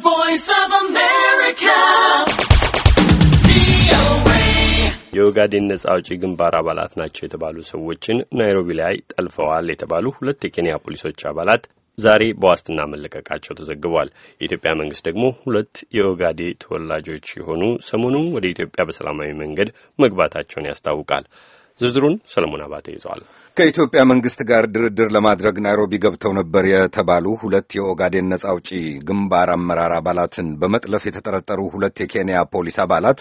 Voice of America. የኦጋዴን ነጻ አውጪ ግንባር አባላት ናቸው የተባሉ ሰዎችን ናይሮቢ ላይ ጠልፈዋል የተባሉ ሁለት የኬንያ ፖሊሶች አባላት ዛሬ በዋስትና መለቀቃቸው ተዘግቧል። የኢትዮጵያ መንግስት ደግሞ ሁለት የኦጋዴ ተወላጆች የሆኑ ሰሞኑን ወደ ኢትዮጵያ በሰላማዊ መንገድ መግባታቸውን ያስታውቃል። ዝርዝሩን ሰለሞን አባተ ይዘዋል። ከኢትዮጵያ መንግስት ጋር ድርድር ለማድረግ ናይሮቢ ገብተው ነበር የተባሉ ሁለት የኦጋዴን ነጻ አውጪ ግንባር አመራር አባላትን በመጥለፍ የተጠረጠሩ ሁለት የኬንያ ፖሊስ አባላት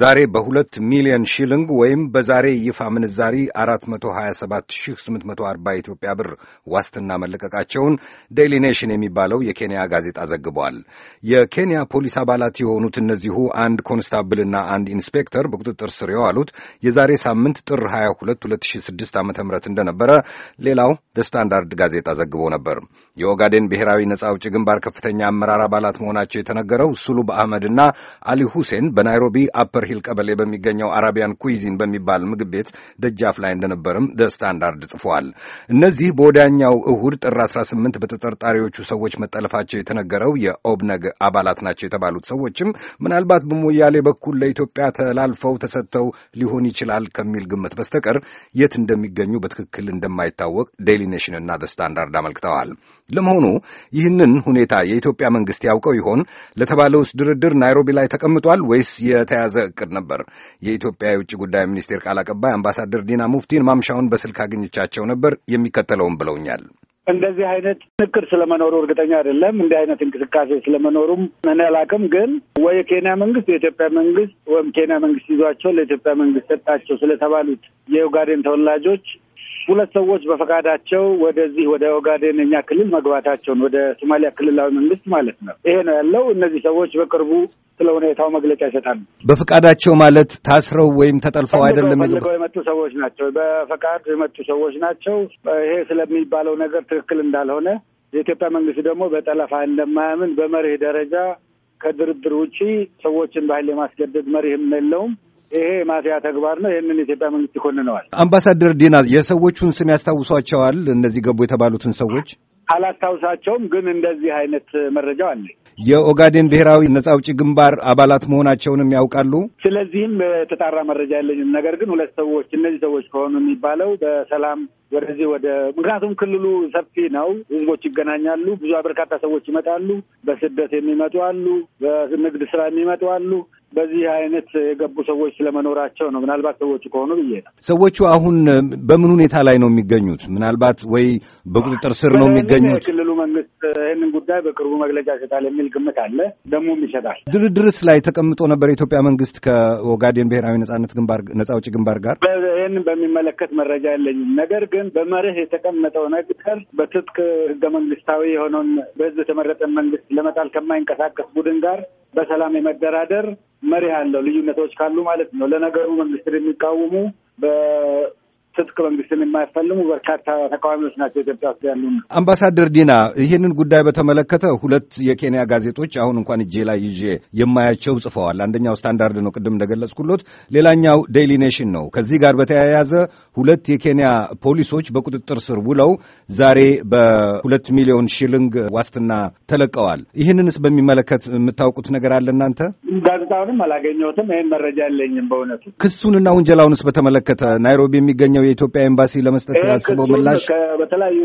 ዛሬ በሁለት ሚሊዮን ሺልንግ ወይም በዛሬ ይፋ ምንዛሪ 427840 ኢትዮጵያ ብር ዋስትና መለቀቃቸውን ዴይሊ ኔሽን የሚባለው የኬንያ ጋዜጣ ዘግቧል። የኬንያ ፖሊስ አባላት የሆኑት እነዚሁ አንድ ኮንስታብልና አንድ ኢንስፔክተር በቁጥጥር ስር የዋሉት የዛሬ ሳምንት ጥር 22 2006 ዓ ም እንደነበረ ሌላው ደ ስታንዳርድ ጋዜጣ ዘግቦ ነበር። የኦጋዴን ብሔራዊ ነጻ አውጪ ግንባር ከፍተኛ አመራር አባላት መሆናቸው የተነገረው ሱሉብ አህመድና አሊ ሁሴን በናይሮቢ አፐር ሂል ቀበሌ በሚገኘው አራቢያን ኩይዚን በሚባል ምግብ ቤት ደጃፍ ላይ እንደነበርም ደ ስታንዳርድ ጽፏል። እነዚህ በወዲያኛው እሁድ ጥር 18 በተጠርጣሪዎቹ ሰዎች መጠለፋቸው የተነገረው የኦብነግ አባላት ናቸው የተባሉት ሰዎችም ምናልባት በሞያሌ በኩል ለኢትዮጵያ ተላልፈው ተሰጥተው ሊሆን ይችላል ከሚል ግምት በስተቀር የት እንደሚገኙ በትክክል እንደማይታወቅ ዴይሊ ኔሽንና ዘ ስታንዳርድ አመልክተዋል። ለመሆኑ ይህንን ሁኔታ የኢትዮጵያ መንግስት ያውቀው ይሆን? ለተባለውስ ድርድር ናይሮቢ ላይ ተቀምጧል ወይስ የተያዘ እቅድ ነበር? የኢትዮጵያ የውጭ ጉዳይ ሚኒስቴር ቃል አቀባይ አምባሳደር ዲና ሙፍቲን ማምሻውን በስልክ አግኝቻቸው ነበር። የሚከተለውን ብለውኛል። እንደዚህ አይነት ንክር ስለመኖሩ እርግጠኛ አይደለም። እንዲህ አይነት እንቅስቃሴ ስለመኖሩም ምን አላውቅም። ግን ወይ የኬንያ መንግስት የኢትዮጵያ መንግስት ወይም ኬንያ መንግስት ይዟቸው ለኢትዮጵያ መንግስት ሰጣቸው ስለተባሉት የኡጋዴን ተወላጆች ሁለት ሰዎች በፈቃዳቸው ወደዚህ ወደ ኦጋዴን የኛ ክልል መግባታቸውን ወደ ሶማሊያ ክልላዊ መንግስት ማለት ነው። ይሄ ነው ያለው። እነዚህ ሰዎች በቅርቡ ስለ ሁኔታው መግለጫ ይሰጣሉ። በፈቃዳቸው ማለት ታስረው ወይም ተጠልፈው አይደለም፣ ፈልገው የመጡ ሰዎች ናቸው። በፈቃድ የመጡ ሰዎች ናቸው። ይሄ ስለሚባለው ነገር ትክክል እንዳልሆነ የኢትዮጵያ መንግስት ደግሞ በጠለፋ እንደማያምን በመርህ ደረጃ ከድርድር ውጪ ሰዎችን በኃይል የማስገደድ መሪህም የለውም። ይሄ ማፊያ ተግባር ነው። ይህንን የኢትዮጵያ መንግስት ይኮንነዋል። አምባሳደር ዲና የሰዎቹን ስም ያስታውሷቸዋል? እነዚህ ገቡ የተባሉትን ሰዎች አላስታውሳቸውም፣ ግን እንደዚህ አይነት መረጃው አለ የኦጋዴን ብሔራዊ ነጻ አውጪ ግንባር አባላት መሆናቸውንም ያውቃሉ። ስለዚህም የተጣራ መረጃ የለኝም። ነገር ግን ሁለት ሰዎች እነዚህ ሰዎች ከሆኑ የሚባለው በሰላም ወደዚህ ወደ ምክንያቱም ክልሉ ሰፊ ነው። ህዝቦች ይገናኛሉ። ብዙ በርካታ ሰዎች ይመጣሉ። በስደት የሚመጡ አሉ። በንግድ ስራ የሚመጡ አሉ። በዚህ አይነት የገቡ ሰዎች ስለመኖራቸው ነው። ምናልባት ሰዎቹ ከሆኑ ብዬ ነው። ሰዎቹ አሁን በምን ሁኔታ ላይ ነው የሚገኙት? ምናልባት ወይ በቁጥጥር ስር ነው የሚገኙት? የክልሉ መንግስት ይህንን ጉዳይ በቅርቡ መግለጫ ይሰጣል የሚል ግምት አለ፣ ደግሞም ይሰጣል። ድርድርስ ላይ ተቀምጦ ነበር የኢትዮጵያ መንግስት ከኦጋዴን ብሔራዊ ነጻነት ግንባር ነጻ አውጪ ግንባር ጋር ይህንን በሚመለከት መረጃ የለኝም። ነገር ግን በመርህ የተቀመጠው ነገር በትጥቅ ህገ መንግስታዊ የሆነውን በህዝብ የተመረጠን መንግስት ለመጣል ከማይንቀሳቀስ ቡድን ጋር በሰላም የመደራደር መሪህ አለው ልዩነቶች ካሉ ማለት ነው። ለነገሩ መንግስትን የሚቃወሙ ትጥቅ መንግስትን የማይፈልሙ በርካታ ተቃዋሚዎች ናቸው ኢትዮጵያ ውስጥ ያሉ። አምባሳደር ዲና፣ ይህንን ጉዳይ በተመለከተ ሁለት የኬንያ ጋዜጦች አሁን እንኳን እጄ ላይ ይዤ የማያቸው ጽፈዋል። አንደኛው ስታንዳርድ ነው፣ ቅድም እንደገለጽኩሎት፣ ሌላኛው ዴይሊ ኔሽን ነው። ከዚህ ጋር በተያያዘ ሁለት የኬንያ ፖሊሶች በቁጥጥር ስር ውለው ዛሬ በሁለት ሚሊዮን ሺልንግ ዋስትና ተለቀዋል። ይህንንስ በሚመለከት የምታውቁት ነገር አለ እናንተ? ጋዜጣውንም አላገኘሁትም፣ ይህን መረጃ የለኝም በእውነቱ። ክሱንና ውንጀላውንስ በተመለከተ ናይሮቢ የሚገኘው የኢትዮጵያ ኤምባሲ ለመስጠት ስላስበው ምላሽ በተለያዩ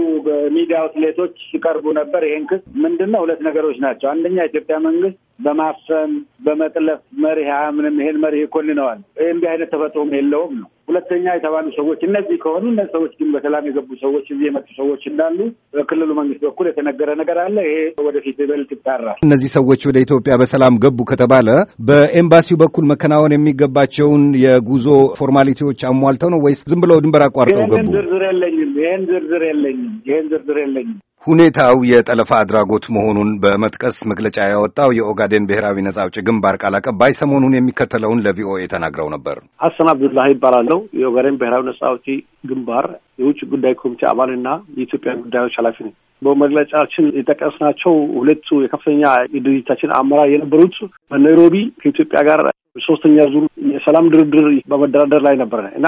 ሚዲያ አውትሌቶች ሲቀርቡ ነበር። ይህን ክስ ምንድን ነው? ሁለት ነገሮች ናቸው። አንደኛ የኢትዮጵያ መንግስት በማፈን በመጥለፍ መርህ አያምንም፣ ይሄን መሪህ ይኮንነዋል። እንዲህ አይነት ተፈጽሞ የለውም ነው ሁለተኛ የተባሉ ሰዎች እነዚህ ከሆኑ እነዚህ ሰዎች ግን በሰላም የገቡ ሰዎች እዚህ የመጡ ሰዎች እንዳሉ በክልሉ መንግስት በኩል የተነገረ ነገር አለ። ይሄ ወደፊት ይበልጥ ይጣራል። እነዚህ ሰዎች ወደ ኢትዮጵያ በሰላም ገቡ ከተባለ በኤምባሲው በኩል መከናወን የሚገባቸውን የጉዞ ፎርማሊቲዎች አሟልተው ነው ወይስ ዝም ብለው ድንበር አቋርጠው ገቡ? ይህን ዝርዝር የለኝም። ይህን ዝርዝር የለኝም። ይህን ዝርዝር የለኝም። ሁኔታው የጠለፋ አድራጎት መሆኑን በመጥቀስ መግለጫ ያወጣው የኦጋዴን ብሔራዊ ነጻ አውጪ ግንባር ቃል አቀባይ ሰሞኑን የሚከተለውን ለቪኦኤ ተናግረው ነበር። ሀሰን አብዱላህ ይባላለው የኦጋዴን ብሔራዊ ነጻ አውጪ ግንባር የውጭ ጉዳይ ኮሚቴ አባልና የኢትዮጵያ ጉዳዮች ኃላፊ ነኝ። በመግለጫችን የጠቀስናቸው ሁለቱ የከፍተኛ የድርጅታችን አመራር የነበሩት በናይሮቢ ከኢትዮጵያ ጋር ሶስተኛ ዙር የሰላም ድርድር በመደራደር ላይ ነበረ እና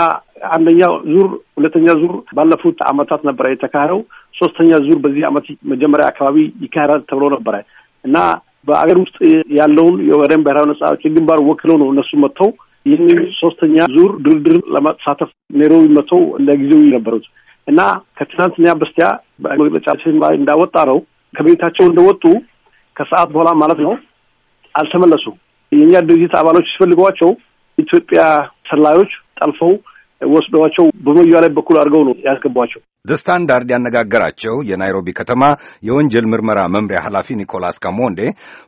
አንደኛ ዙር፣ ሁለተኛ ዙር ባለፉት አመታት ነበረ የተካሄደው። ሶስተኛ ዙር በዚህ አመት መጀመሪያ አካባቢ ይካሄዳል ተብሎ ነበረ እና በአገር ውስጥ ያለውን የኦጋዴን ብሔራዊ ነጻ አውጪ ግንባር ወክለው ነው እነሱ መጥተው ይህንን ሶስተኛ ዙር ድርድር ለመሳተፍ ኔሮቢ መጥተው ለጊዜው የነበሩት እና ከትናንትና በስቲያ በመግለጫችን ላይ እንዳወጣ ነው ከቤታቸው እንደወጡ ከሰዓት በኋላ ማለት ነው አልተመለሱ። የእኛ ድርጅት አባሎች ሲፈልጓቸው ኢትዮጵያ ሰላዮች ጠልፈው ወስደዋቸው በመያ ላይ በኩል አድርገው ነው ያስገቧቸው። ስታንዳርድ ያነጋገራቸው የናይሮቢ ከተማ የወንጀል ምርመራ መምሪያ ኃላፊ ኒኮላስ ካሞንዴ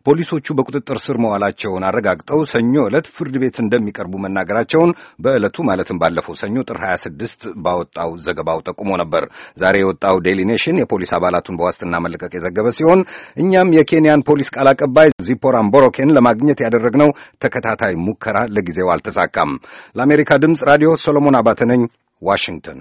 ፖሊሶቹ በቁጥጥር ስር መዋላቸውን አረጋግጠው ሰኞ ዕለት ፍርድ ቤት እንደሚቀርቡ መናገራቸውን በዕለቱ ማለትም ባለፈው ሰኞ ጥር 26 ባወጣው ዘገባው ጠቁሞ ነበር። ዛሬ የወጣው ዴይሊ ኔሽን የፖሊስ አባላቱን በዋስትና መለቀቅ የዘገበ ሲሆን እኛም የኬንያን ፖሊስ ቃል አቀባይ ዚፖራ ቦሮኬን ለማግኘት ያደረግነው ተከታታይ ሙከራ ለጊዜው አልተሳካም። ለአሜሪካ ድምፅ ራዲዮ ሶሎሞን ሰሎሞን አባተ ነኝ ዋሽንግተን